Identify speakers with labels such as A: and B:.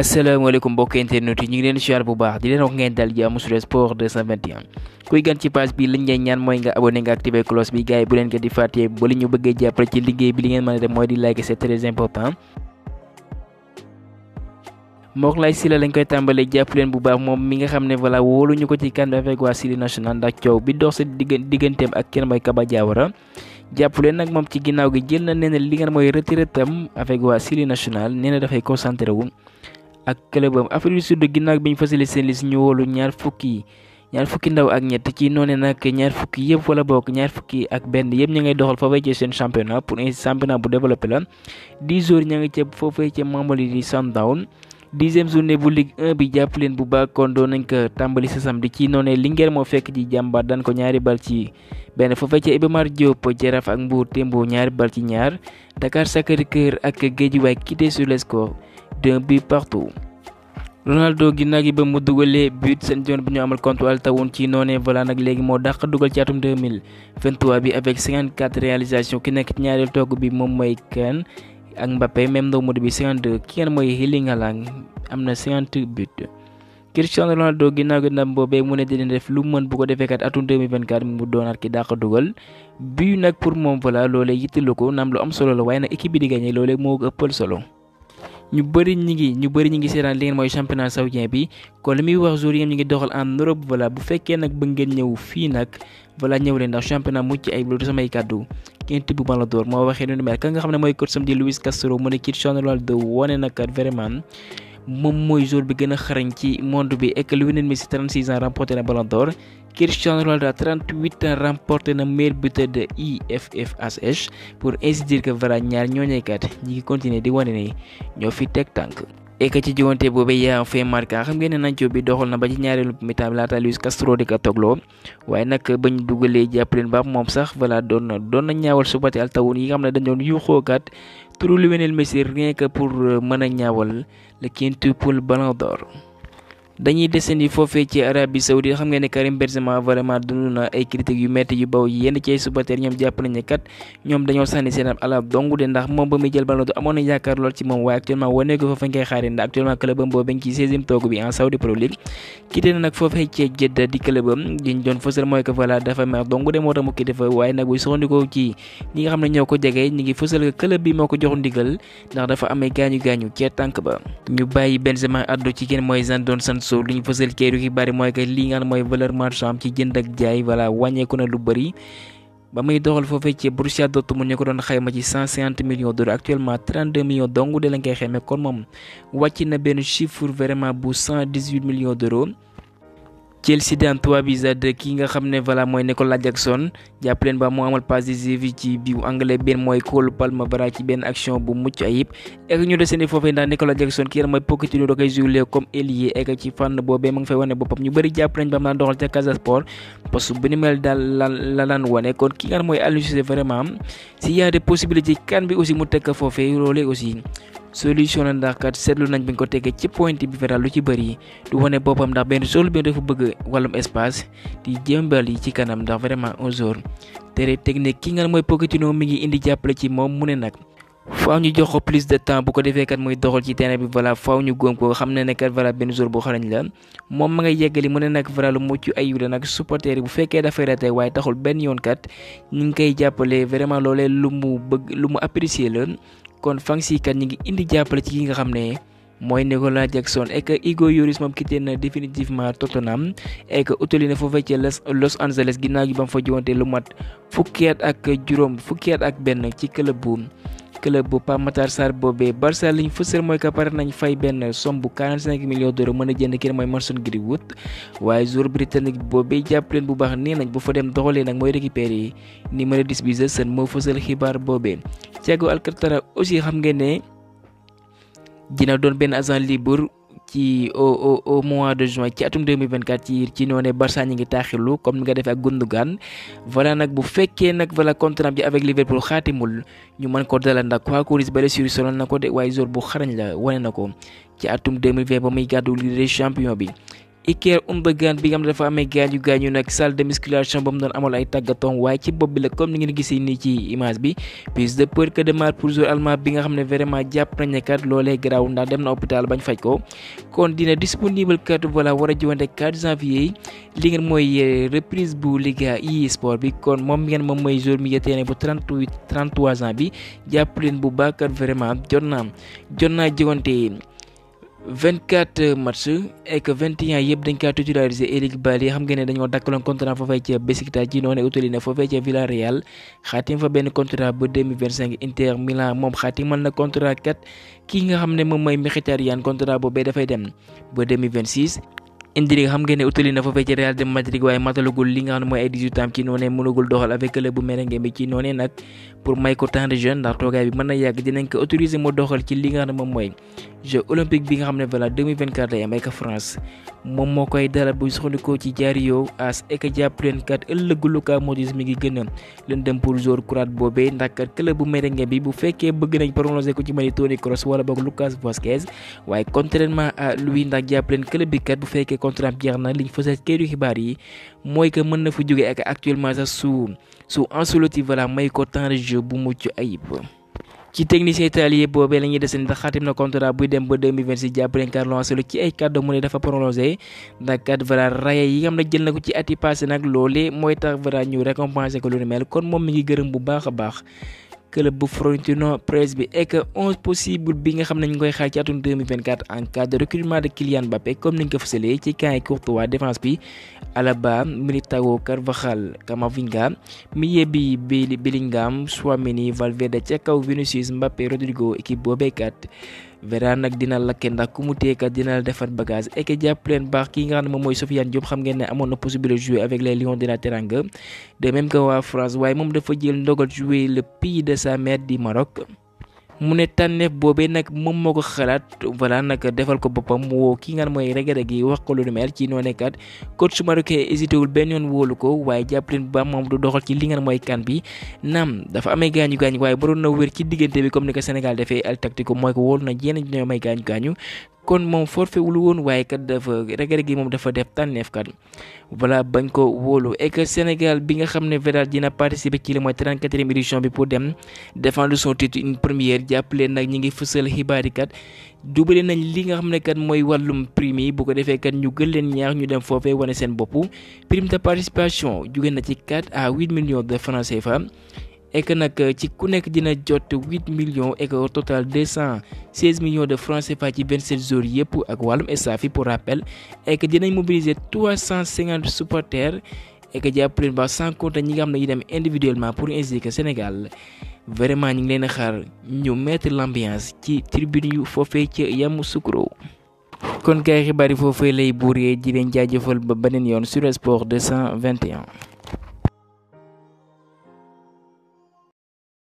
A: assalaamualeykum mbokk internet yi ñu ngi leen siar bu baax di leen wax ngeen dal ji amu sudee sport deux kuy gan ci page bi liñ ngeen ñaan mooy nga abonné nga activé eh, cloche bi gars yi bu leen ngeen di fàttee ba li ñu bëggee ci liggéey bi li ngeen mën def mooy di like c' est très important mook lay sila lañ koy tàmbalee jàpp leen bu baax moom mi nga xam ne voilà lah, wóolu ñu ko ci kan avec waa Sili National ndax Thiow bi dox sa digganteem ak kenn mooy Kaba Diawara jàpp leen nag moom ci ginnaaw gi jël na nee li nga mooy retraite am avec waa Sili National nee na dafay concentré wu ak Afrique du Sud ginnaaw bi ñu fasale seen liste ñu wóolu ñaar fukki ñaar fukki ndaw ak ñett ci noonee nag ñaar fukki yëpp wala bokk ñaar fukki ak benn yëpp ñu ngay doxal foofee ci seen championnat pour un championnat bu développé la 10 jours ña ngi ca foofee ca Mambaly di Sundown dixième journée bu Ligue 1 bi jàpp leen bu baax kon doon nañ ko tàmbali sa samedi ci noonee Linguère moo fekk di jàmbaar daan ko ñaari bal ci benn foofee ca Iba Mar Diop Jaraaf ak Mbour Témbo ñaari bal ci ñaar Dakar Sacré-Cœur ak Guédiawaye quitté sur le d'un but partout. Ronaldo gi nag yi ba mu dugalee but seen joon bi ñu amal contre Al Taawoun ci noonee voilà nag léegi moo dàq dugal ci atum 2023 bi avec 54 réalisations ki nekk ci ñaareel togg bi moom mooy Kane ak Mbappé même ndaw mu bi 52 ki ngeen mooy Erling Haaland am na 50 buts. Cristiano Ronaldo ginnaaw gi ndam boobee mu ne dina def lu mën bu ko defee kat atum 2024 mu doonaat ki dàq dugal bi nag pour moom voilà loolee yittalu ko naam lu am solo la waaye nag équipe bi di gagné moo ëppal solo. ñu bëri ñu ngi ñu bëri ñi ngi seetaan li ngeen mooy championnat saoudien bi kon li muy wax jour yi ñu ngi doxal en Europe voilà bu fekkee nag ba ngeen ñëw fii nag voilà ñëw leen ndax championnat mucc ay loolu samay kàddu kenn tibb Ballon d'Or moo waxee lu ni mel ka nga xam ne mooy coach sam di Luis Castro mu ne Cristiano Ronaldo wane na kat vraiment moom mooy joueur bi gën a xarañ ci monde bi ek Lionel Messi 36 ans remporté na Ballon d'Or Cristiano Ronaldo à 38 ans remporté na meilleur buteur de IFFHS pour ainsi dire que Varane ñaar ñooñeekat ñi ngi continuer di wane ne ñoo fi teg tànk. et que ci jiwante boobu yaa fay marqué xam ngeen ne Nacho bi doxal na ba ci ñaareelu mi-temps bi laata Luis Castro di ko togloo waaye nag bañ dugalee jàppaleen ba moom sax voilà doon na doon na ñaawal suba te altawun yi nga xam ne dañ doon yuuxoo kat turu Lionel Messi rien que pour euh, mën a ñaawal la le quintuple Ballon d'Or. dañuy desandi foofee ci Arabie Saoudite xam ngeen ne Karim Benzema vraiment na ay critiques yu métti yu baw yenn ci ay supporters ñoom jàpp nañ ko e jege ñi ngi fësal club bi moo ko jox ndigal ndax dafa amee gaañu gaañu ci tànk ba ñu bàyyi Benzema addu ci kenn mooy Jadon Sancho source lu ñu fësal kay du xibaar yi mooy que li nga xam mooy valeur marchande ci jënd ak jaay voilà wàññeeku na lu bëri. ba muy doxal foofee ci Borussia Dortmund ñu ko doon xayma ci cent millions d'euros actuellement 32 millions dong de lañ koy xayma kon moom wàcc na benn chiffre vraiment bu 118 millions d'euros. Chelsea daan 3 buts à 2 ki nga xam ne voilà mooy Nicolas Jackson jàpp leen ba moo amal passe décisive ci biir anglais benn mooy Cole Palmer bara ci benn action bu mucc ayib ek ñu desandi foofee ndax Nicolas Jackson ki mooy Pochettino da koy comme ailier ek ci fànn boobee ma fay wane boppam ñu bëri jàpp nañ ba am doxal Casa Sport parce que bu ni mel daal la laan wane kon ki nga xam mooy Aliou vraiment s'il y a des possibilités kan bi aussi mu teg foofee loolu aussi solution la ndax kat seetlu nañ bi nga ko tegee ci point bi fetal lu ci bëri du wone boppam ndax benn sol bi dafa bëgg wàllum espace di jëmbal yi ci kanam ndax vraiment un jour tere technique ki nga mooy Pochettino mi ngi indi jàppale ci moom mu ne nag. faaw ñu jox ko plus de temps bu ko defee kat muy doxal ci terrain bi voilà faaw ñu góom ko xam ne ne kat voilà benn jour bu xarañ la moom ma ngay yeggali mu ne nag voilà lu mucc ayib la nag supporter yi bu fekkee dafay raté waaye benn yoon kat ñu ngi koy jàppale vraiment loolee lu mu bëgg lu mu apprécier la kon fans kat ñi ngi indi jàppale ci ki nga xam ne mooy Nicolas Jackson et que Hugo Lloris moom quitté na définitivement Tottenham et que utali na foofee ca Los Angeles ginnaaw gi ba fa jiwante lu mat fukki ak juróom fukki ak benn ci club bu club bu Pape Matar boobee Barça liñ fësal mooy que nañ fay benn somme bu 45 millions d'euros a jënd kenn mooy Mason Greenwood waaye joueur britannique boobee jàpp leen bu baax nee nañ bu fa dem doxalee nag mooy récupérer numéro 10 bi Jason moo fësal xibaar boobee Thiago Alcantara aussi xam ngeen ne dina doon benn agent libre. ci au au mois de juin ci atum 2024 ci ci noonee Barça ñi ngi taaxilu comme ni nga defee a Gundogan voilà nag bu fekkee nag voilà contrat bi avec Liverpool xaatimul ñu mën ko dalal ndax quoi Lloris blessure sonal na ko de waaye jour bu xarañ la wane na ko ci atum ba muy gàddu li de champion bi. Iker Gundogan bi nga xam ne dafa amee gaañu gaañu nag salle de musculation ba mu doon amal ay tàggatoom waaye ci bopp bi la comme ni ngeen gisee nii ci image bi plus de peur que de mal pour joueur allemand bi nga xam ne vraiment jàpp nañ ne kat loolee garaaw ndax dem na hôpital bañ faj ko kon dina disponible kat voilà war a jiwante 4 janvier li ngeen mooy euh, reprise bu Liga yi sport bi kon moom ngeen moom mooy joueur milieu terrain bu 38 33 ans bi jàpp leen bu baax kat vraiment jot naa jot naa jigante 24 match et que 21 yeb dañ ka titulariser Eric Bailly xam nga ne dañu dakkaloon contrat fofé ci Besiktas ci noné utali na foofee ca Villarreal xaatim fa benn contrat bu 2025 Inter Milan moom xaatimal na contrat kat ki nga xam ne moom mooy Mkhitaryan contrat da fay dem bu 2026. Indri xam nga ne utali na ci Real de Madrid way matalagul li nga xam ay 18 ans ci noné mënugul doxal avec club bu merengue bi ci noné nak pour may ko temps de jeune ndax toogaay bi mën na yàgg dinañ ko autoriser mo doxal ci li nga xam jeu olympique bi nga xam ne voilà 2024 lay am ak France moom moo koy dalal bu soxandikoo ci jaari yow as ek jàpp leen kat ëllëgu Luka Modric mi ngi gën a leen dem pour joueur croate boobee ndax kat club bu merengue bi bu fekkee bëgg nañ prolonger ko ci mel ni Toni Kroos wala boog Lucas Vazquez waaye contrairement à lui ndax jàpp leen club bi kat bu fekkee contrat jeex na liñ fësal këru xibaar yi mooy que mën na fa jóge ak actuellement sax su su Ancelotti voilà may ko temps de jeu bu mucc ayib. ci technicien italien boobee la ñuy desandi xaatim na contrat buy dem ba 2026 jàppale Carlo Ancelotti ci ay kàddu mu ne dafa prolongé ndax kat Varane raaya yi xam ne jël na ko ci at yi passé nag loolee mooy tax Varane ñu récompensé ko lu ni mel kon moom mi ngi gërëm bu baax baax. club bu Florentino Perez bi et que onze possible bi nga xam ne ñu koy xaar ci atum 2024 en cas de recrutement de Kylian Mbappé comme ni ñu ko fësalee ci camp yi Courtois défense bi Alaba Militao Carvajal Camavinga milieu bi Bellingham Chouameni Valverde ca kaw Vinicius Mbappé Rodrigo équipe boobeekat Vera nak dina laké ndak la bagage et que ki nga Sofiane jouer avec les Lions de la Teranga de même que wa France way moom dafa jël jouer le pays de sa mère du Maroc mu ne tànneef boobee nag moom moo ko xalaat voilà nag defal ko boppam woo ki nga mooy regada gi wax ko lu lu mel ci noonee kat coach marocain hésité wul benn yoon wóolu ko waaye jàpp leen bu baax moom du doxal ci li nga mooy kan bi naam dafa amee gaañu gaañu waaye waroon na wér ci diggante bi comme ni ko Sénégal defee al tactico mooy ko wóolu na yenn ñoo may gaañu gaañu kon moom for fi wul woon waaye kat dafa regret gi moom dafa def tànneef kat voilà bañ ko wóolu et que Sénégal bi nga xam ne Vedal dina participé ci le mooy 34e édition bi pour dem défendre son titre une première jàppale nag ñi ngi fësal xibaar yi kat doublé nañ li nga xam kat mooy wàllum prime bu ko defee kat ñu gën leen ñaax ñu dem foofee wane seen bopp prime de participation jugee na ci 4 à 8 millions de francs CFA et que nak euh, ci ku nek dina jot 8 millions et que au total 216 millions de francs CFA ci 27 jours pour ak walum SAFI pour rappel et que dina mobiliser 350 supporters et que nous ba pris 100 ñi nga dem individuellement pour insister au Sénégal vraiment ñi ngi leen xaar ñu mettre l'ambiance ci tribune yu fofé ci Quand sucro kon gay xibaari fofé lay bourré di leen jajeufal ba benen le sur sport 221